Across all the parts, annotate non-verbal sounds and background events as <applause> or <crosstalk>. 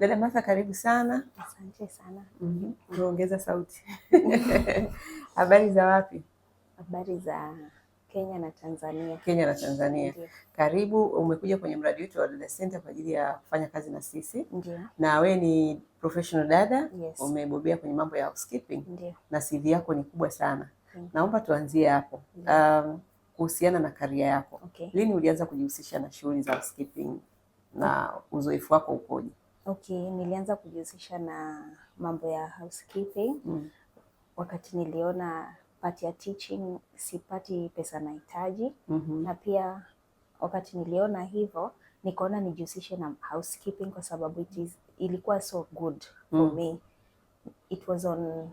Dada Martha karibu sana. Asante sana. mm Ongeza sauti. <laughs> Habari za wapi? Habari za Kenya na Tanzania. Kenya na Tanzania. Ndiyo. Karibu, umekuja kwenye mradi wetu wa Dada Center kwa ajili ya kufanya kazi na sisi. Ndiyo. Na wewe ni professional dada. Yes. Umebobea kwenye mambo ya housekeeping. Ndiyo. Na CV yako ni kubwa sana. Ndiyo. Mm. Naomba tuanzie hapo um, kuhusiana na karia yako. Okay. Lini ulianza kujihusisha na shughuli za housekeeping na uzoefu wako ukoje? Okay, nilianza kujihusisha na mambo ya housekeeping mm. wakati niliona pati ya teaching sipati pesa nahitaji mm -hmm. na pia wakati niliona hivyo nikaona nijihusishe na housekeeping kwa sababu it is, ilikuwa so good for mm. me it was on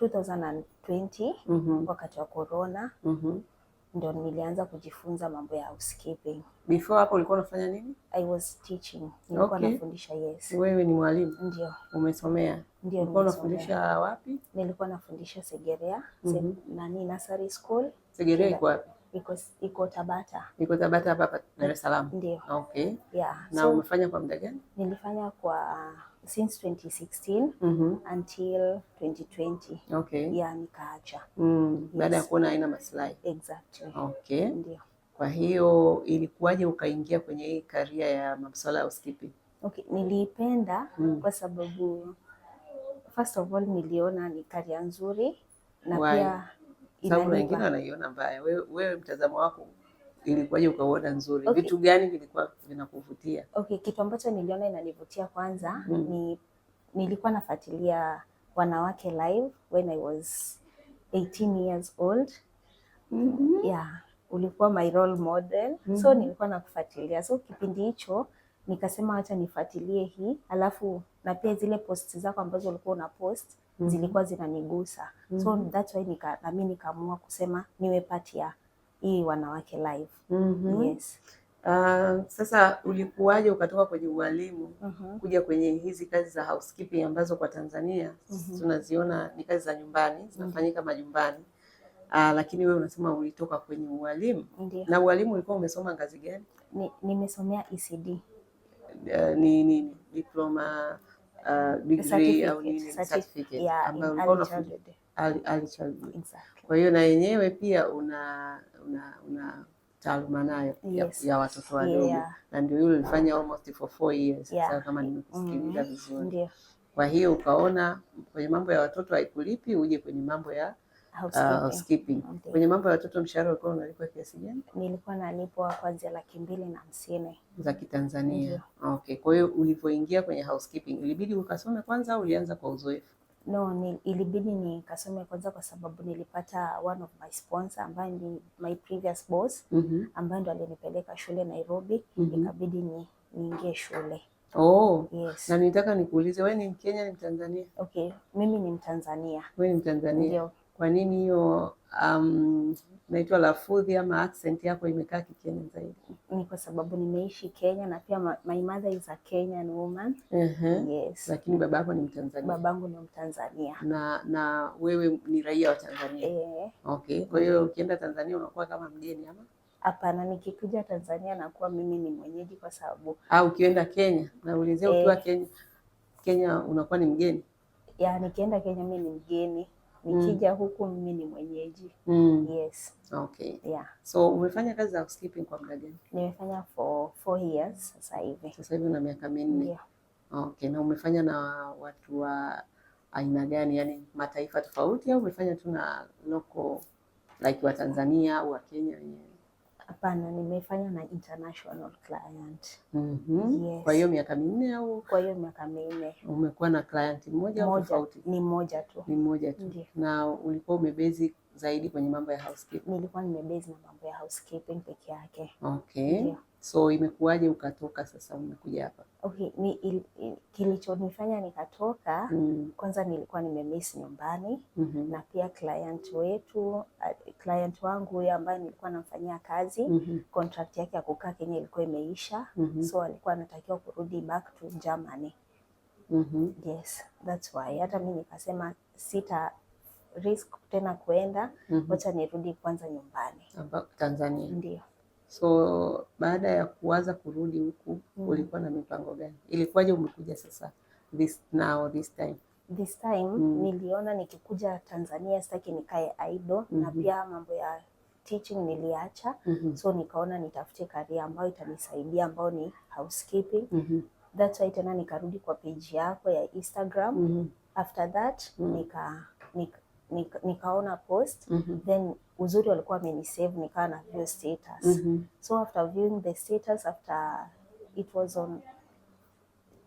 2020 mm -hmm. wakati wa corona mm -hmm ndio nilianza kujifunza mambo ya housekeeping. Before hapo ulikuwa unafanya nini? I was teaching. Nilikuwa okay, nafundisha yes. Wewe ni mwalimu? Ndio. Umesomea? Ndio. Ulikuwa unafundisha wapi? Nilikuwa nafundisha Segerea, mm -hmm. nani nursery school. Segerea iko wapi? Iko iko Tabata. Iko Tabata hapa Dar es Salaam. Ndio. Okay. Yeah. Na so, umefanya kwa muda gani? Nilifanya kwa since 2016 mm -hmm. until 2020. Okay. Yeah, nikaacha mm. Yes. Baada ya kuona haina maslahi. Exactly. Okay. Ndio. Kwa hiyo ilikuwaje ukaingia kwenye hii karia ya masuala ya uskipi? Okay, niliipenda mm. kwa sababu first of all niliona ni karia nzuri na Why? pia wengine wanaiona mbaya. Wewe, we, mtazamo wako ilikuwaje ukaona nzuri? Okay. Vitu gani vilikuwa vinakuvutia? Okay, kitu ambacho niliona inanivutia kwanza mm. ni nilikuwa nafuatilia Wanawake Live when I was 18 years old. mm -hmm. Yeah, ulikuwa my role model. mm -hmm. So mm-hmm. nilikuwa nakufuatilia, so kipindi hicho nikasema wacha nifuatilie hii, alafu na pia zile post zako ambazo ulikuwa una post mm -hmm. zilikuwa zinanigusa. mm -hmm. So mm-hmm. that's why nika, nami nikaamua kusema niwe part ya hii Wanawake Live. mm -hmm. Yes. Uh, sasa ulikuwaje ukatoka kwenye ualimu mm -hmm. kuja kwenye hizi kazi za housekeeping ambazo kwa Tanzania mm -hmm. tunaziona ni kazi za nyumbani mhm. zinafanyika mm -hmm. majumbani uh, lakini wewe unasema ulitoka kwenye ualimu Ndiyo. na ualimu ulikuwa umesoma ngazi gani? Nimesomea e eh, ni ECD. Uh, ni nini diploma kwa hiyo na yenyewe pia una una, una taaluma nayo yes, ya, ya watoto wadogo yeah. Na ndio yule ulifanya almost for four years yeah. kama nimekusikiliza mm-hmm. vizuri, kwa hiyo ukaona kwenye mambo ya watoto haikulipi uje kwenye mambo ya Ah, housekeeping. Kwenye mambo ya watoto mshahara ulikuwa unalipwa kiasi gani? Nilikuwa nalipwa kuanzia laki mbili na hamsini za Kitanzania. Yeah. Okay. Kwa hiyo ulivyoingia kwenye housekeeping ilibidi ukasome kwanza au ulianza kwa uzoefu? No, ni, ilibidi nikasome kwanza kwa sababu nilipata one of my sponsor ambaye ni my previous boss mm -hmm. ambaye ndo alinipeleka shule Nairobi mm -hmm. ikabidi ni niingie shule. Oh, yes. Na nitaka nikuulize wewe ni Mkenya ni Mtanzania? Okay, mimi ni Mtanzania. Wewe ni Mtanzania. Ndio kwa nini hiyo um, naitwa lafudhi ama accent yako imekaa kikenya zaidi? Ni kwa sababu nimeishi Kenya na pia my mother is a Kenyan woman. uh -huh. Yes. Lakini baba yako ni Mtanzania? Babangu ni Mtanzania. Na na wewe ni raia wa Tanzania? Eh. Okay, kwa hiyo ukienda Tanzania unakuwa kama mgeni ama? Hapana, nikikuja Tanzania nakuwa mimi ni mwenyeji kwa sababu au ukienda Kenya naulizia, ukiwa eh. Kenya Kenya unakuwa ni mgeni? Ya, nikienda Kenya mimi ni mgeni nikija mm. huku mimi ni mwenyeji mm. yes. Okay. Yeah. So umefanya kazi za housekeeping kwa muda gani? Nimefanya for four years sasa hivi. Sasa hivi una miaka minne. Yeah. Okay. Na umefanya na watu wa aina gani, yani mataifa tofauti, au umefanya tu na local like wa Tanzania au wa Kenya wenyewe? Hapana, nimefanya na international client. mm -hmm. Yes. Kwa hiyo miaka minne au? Kwa hiyo miaka minne umekuwa na client mmoja au tofauti? Ni mmoja tu. Ni mmoja tu. Ndiyo. Na ulikuwa umebezi zaidi kwenye mambo ya housekeeping? Nilikuwa nimebase na mambo ya housekeeping peke yake. Okay. Yeah. So imekuwaje ukatoka sasa umekuja hapa? Okay, ni kilichonifanya nikatoka mm. Kwanza nilikuwa nimemiss nyumbani mm -hmm. Na pia client wetu uh, client wangu huyo ambaye nilikuwa namfanyia kazi mm -hmm. Contract yake ya kukaa Kenya ilikuwa imeisha mm -hmm. So alikuwa anatakiwa kurudi back to Germany mm -hmm. Yes, that's why hata mimi nikasema sita risk tena kuenda, mhm. wacha mm -hmm. nirudi kwanza nyumbani Tanzania. Ndio. So baada ya kuwaza kurudi huku mm. ulikuwa na mipango gani? Ilikuwaje umekuja sasa this now this time? This time mm. niliona nikikuja Tanzania sitaki nikae idle mm -hmm. na mhm. pia mambo ya teaching niliacha mm -hmm. so nikaona nitafute karia ambayo itanisaidia ambayo ni housekeeping mm -hmm. that's why tena nikarudi kwa page yako ya Instagram mm -hmm. after that mm -hmm. nika, nika nikaona nika, nikaona post mm -hmm. Then uzuri walikuwa amenisave nikawa na view status mm -hmm. So after viewing the status after it was on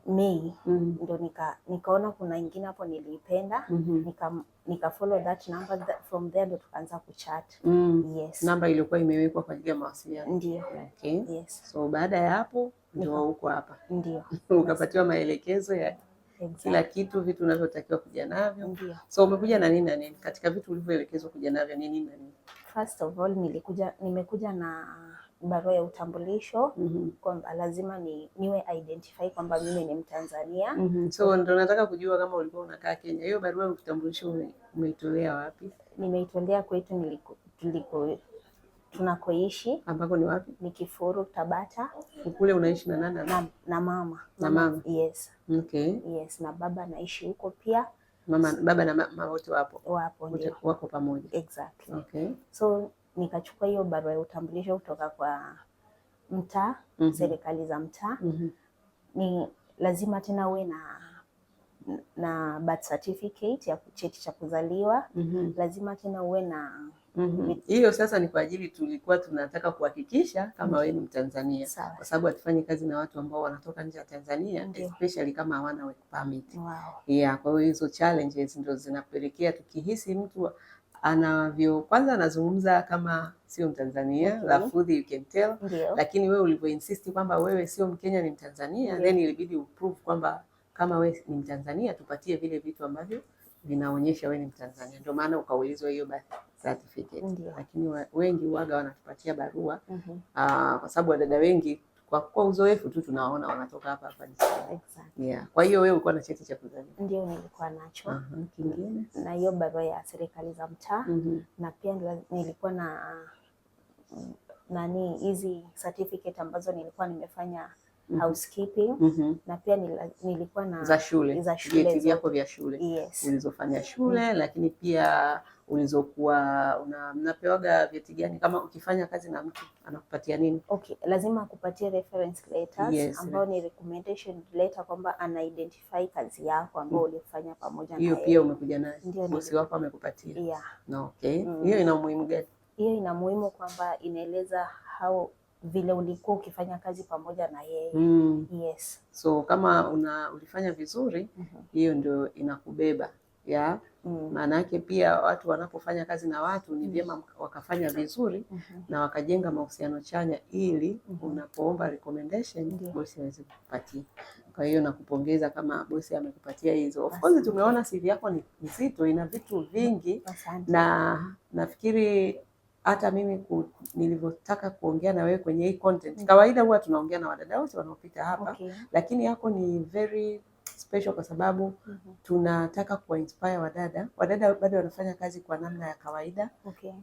May mm -hmm. Ndo nika, nikaona kuna ingine hapo niliipenda mm -hmm. nika, nika follow that number that, from there ndo tukaanza kuchat mm -hmm. Yes. Namba iliyokuwa imewekwa kwa ajili ya mawasiliano ndio. Okay. Yes. So baada ya hapo ndio huko hapa ndio <laughs> ukapatiwa maelekezo ya exactly. Kila kitu vitu unavyotakiwa kuja navyo ndio. So umekuja na nini na nini katika vitu ulivyoelekezwa kuja navyo nini na nini? First of all nilikuja, nimekuja na barua ya utambulisho mm -hmm. kwamba lazima ni, niwe identify kwamba mimi ni Mtanzania mm -hmm. So ndo nataka kujua kama ulikuwa unakaa Kenya, hiyo barua ya utambulisho umeitolea wapi? Nimeitolea kwetu tuliko tunakoishi ambako ni wapi? Ni Kifuru, Tabata. Kule unaishi na nani? Na, na mama. Na mama. Yes. Okay. Yes, na baba anaishi huko pia. Mama, baba na mama wote wapo. Wapo ndio. Wako pamoja. Exactly. Okay. So nikachukua hiyo barua ya utambulisho kutoka kwa mtaa, mm -hmm. serikali za mtaa. Mm -hmm. Ni lazima tena uwe na na birth certificate ya cheti cha kuzaliwa. Mm -hmm. Lazima tena uwe na Mhm. hiyo Mm -hmm. Sasa ni kwa ajili tulikuwa tunataka kuhakikisha kama mhm. wewe ni Mtanzania, kwa sababu hatufanyi kazi na watu ambao wanatoka nje ya Tanzania Ndiyo. especially kama hawana work permit. Wow. Yeah, kwa hiyo hizo challenges ndio zinapelekea tukihisi mtu anavyo kwanza anazungumza kama sio Mtanzania, mhm. lafudhi you can tell. Ndiyo. Lakini wewe ulivyo insist kwamba wewe sio Mkenya ni Mtanzania, then ilibidi uprove kwamba kama wewe ni Mtanzania tupatie vile vitu ambavyo vinaonyesha wewe ni Mtanzania, ndio maana ukaulizwa hiyo basi certificate. Ndiyo. Lakini wengi waga wanatupatia barua mm -hmm. Aa, ah, kwa sababu wadada wengi kwa kwa uzoefu tu tunaona wanatoka hapa hapa exactly. Yeah. Kwa hiyo wewe ulikuwa na cheti cha kuzaliwa? Ndio, nilikuwa nacho. uh -huh. Kingine na hiyo barua ya serikali za mtaa mm -hmm. na pia nilikuwa na nani hizi certificate ambazo nilikuwa nimefanya Mm-hmm. housekeeping mm -hmm. na pia nilikuwa na za shule za shule vyako vya shule yes. ulizofanya mm-hmm. shule mm -hmm. lakini pia ulizokuwa una, mnapewaga vyeti gani kama ukifanya kazi na mtu anakupatia nini? Okay, lazima akupatie reference letters yes, ambayo ni recommendation letter kwamba ana identify kazi yako ambayo mm. ulifanya pamoja na hiyo. Pia umekuja na bosi wako amekupatia? yeah. no, okay. mm. hiyo ina umuhimu gani? Hiyo ina muhimu kwamba inaeleza how vile ulikuwa ukifanya kazi pamoja na yeye mm. Yes. So kama una ulifanya vizuri mm -hmm. hiyo ndio inakubeba ya mm. maana yake pia watu wanapofanya kazi na watu ni mm. vyema wakafanya vizuri mm -hmm. na wakajenga mahusiano chanya ili mm -hmm. unapoomba recommendation yeah. bosi aweze kukupatia. Kwa hiyo nakupongeza kama bosi amekupatia hizo. Of course tumeona CV yako ni nzito, ina vitu vingi Asante. na nafikiri hata mimi ku, nilivyotaka kuongea na wewe kwenye hii content mm. Kawaida huwa tunaongea na wadada wote wanaopita hapa okay. Lakini yako ni very special kwa sababu mm -hmm. tunataka kuwainspire wadada. Wadada bado wanafanya kazi kwa namna ya kawaida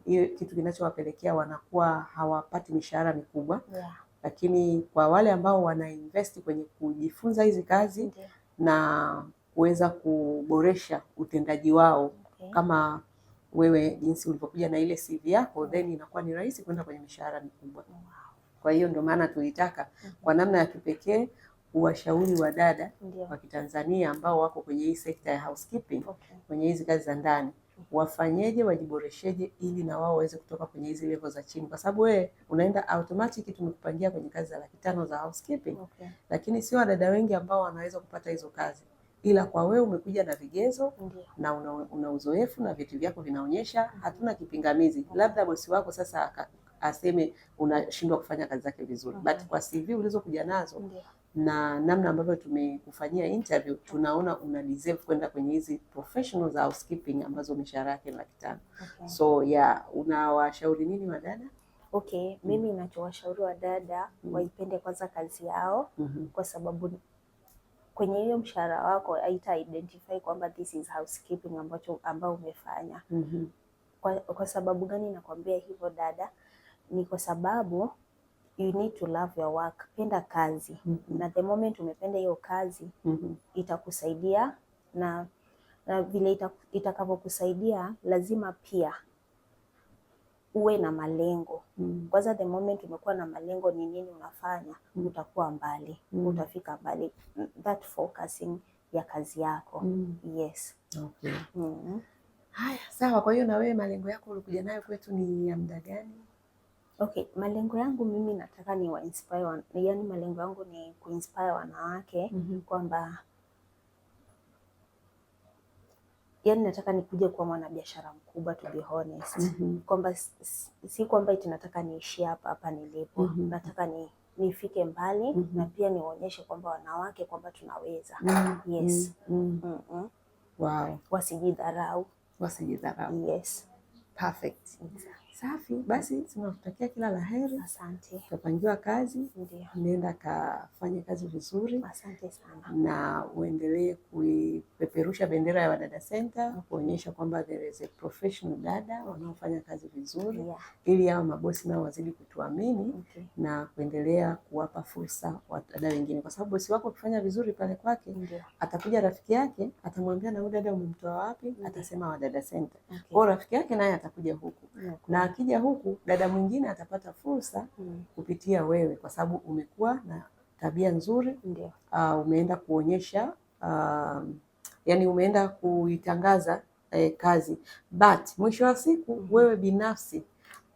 hiyo okay. Kitu kinachowapelekea wanakuwa hawapati mishahara mikubwa yeah. Lakini kwa wale ambao invest kwenye kujifunza hizi kazi okay. na kuweza kuboresha utendaji wao okay. kama wewe jinsi ulivyokuja na ile CV yako, mm. then inakuwa ni rahisi kwenda kwenye mishahara mikubwa. Kwa hiyo ndio maana tulitaka mm. kwa namna ya kipekee uwashauri wa dada wa Kitanzania ambao wako kwenye hii sekta ya housekeeping, okay. kwenye hizi kazi za ndani mm-hmm. wafanyeje, wajiboresheje ili na wao waweze kutoka kwenye hizi level za chini, kwa sababu wewe unaenda automatic, tumekupangia kwenye kazi za laki tano za housekeeping okay. lakini sio wadada wengi ambao wanaweza kupata hizo kazi ila kwa wewe umekuja na vigezo na una, una uzoefu na vitu vyako vinaonyesha, hatuna kipingamizi. Labda bosi wako sasa aka, aseme unashindwa kufanya kazi zake vizuri But mhm. kwa CV ulizokuja nazo na namna ambavyo tumekufanyia interview tunaona una deserve kwenda kwenye hizi professional za housekeeping ambazo mishahara yake ni laki tano okay. So yeah, unawashauri nini wadada? Okay, mimi mm. nachowashauri wadada mm. waipende kwanza kazi yao mm -hmm. kwa sababu kwenye hiyo mshahara wako haita identify kwamba this is housekeeping ambacho ambao umefanya. mm -hmm. Kwa, kwa sababu gani nakwambia hivyo dada? Ni kwa sababu you need to love your work. Penda kazi. mm -hmm. Na the moment umependa hiyo kazi mm -hmm. itakusaidia na, na vile itakavyokusaidia lazima pia uwe na malengo mm. kwanza. The moment umekuwa na malengo, ni nini unafanya, mm. utakuwa mbali, mm. utafika mbali. That focusing ya kazi yako. Yes. Okay. Mm-hmm. Haya, sawa. Kwa hiyo na wewe malengo yako ulikuja nayo kwetu ni ya muda gani? Okay, malengo yangu mimi nataka ni wa inspire, yaani malengo yangu ni kuinspire wanawake mm -hmm. kwamba yani nataka nikuje kuwa mwanabiashara mkubwa to be honest. Mm -hmm. Kwamba si kwamba eti nataka niishi hapa hapa nilipo. Mm -hmm. Nataka ni nifike mbali mm -hmm. na pia niwaonyeshe kwamba wanawake kwamba tunaweza. mm -hmm. Yes. mm -hmm. Mm -hmm. Wow. Wasijidharau, wasijidharau. Yes. Perfect. Exactly. Safi basi, tunakutakia kila la heri. Asante. Utapangiwa kazi, nenda kafanye kazi vizuri. Asante sana. Na uendelee kuipeperusha bendera ya Wadada Center, kuonyesha kwamba there is a professional dada wanaofanya kazi vizuri yeah. Ili hao mabosi nao wazidi kutuamini okay. Na kuendelea kuwapa fursa wadada wengine, kwa sababu bosi wako akifanya vizuri pale kwake, atakuja rafiki yake atamwambia, na huyu dada umemtoa wapi? Atasema Wadada Center. Okay. rafiki yake naye atakuja huku yeah. na akija huku dada mwingine atapata fursa mm. kupitia wewe, kwa sababu umekuwa na tabia nzuri Uh, umeenda kuonyesha uh, yani umeenda kuitangaza eh, kazi but mwisho wa siku mm -hmm. wewe binafsi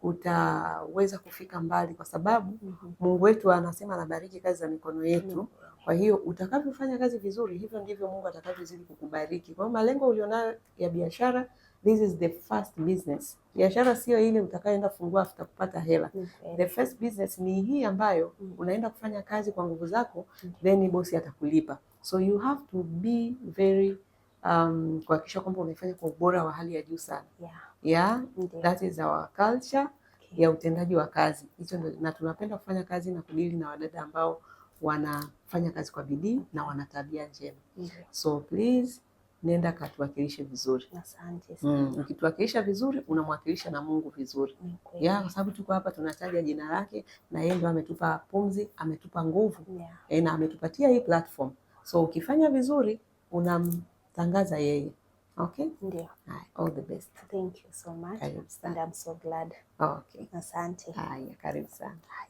utaweza kufika mbali kwa sababu mm -hmm. Mungu wetu anasema anabariki kazi za mikono yetu mm -hmm. Kwa hiyo utakavyofanya kazi vizuri, hivyo ndivyo Mungu atakavyozidi kukubariki. Kwa hiyo malengo ulionayo ya biashara This is the first business. Biashara sio ile utakayoenda kufungua afuta kupata hela. Okay. Mm, eh. The first business ni hii ambayo mm. unaenda kufanya kazi kwa nguvu zako mm. then bosi atakulipa. So you have to be very um, kuhakikisha kwamba unaifanya kwa ubora wa hali ya juu sana. Yeah. Yeah, okay. That is our culture okay. ya utendaji wa kazi. Hicho ndio na tunapenda kufanya kazi na kudili na wadada ambao wanafanya kazi kwa bidii na wana tabia njema. Okay. So please nenda katuwakilishe vizuri. Asante mm, sana. Ukituwakilisha mm, vizuri unamwakilisha na Mungu vizuri okay. ya kwa sababu tuko hapa tunataja jina lake na yeye ndo ametupa pumzi, ametupa nguvu yeah. e, na ametupatia hii platform, so ukifanya vizuri unamtangaza yeye Okay. Ndio. All the best. Thank you so much. And I'm so glad. Okay. Asante. Haya, karibu sana.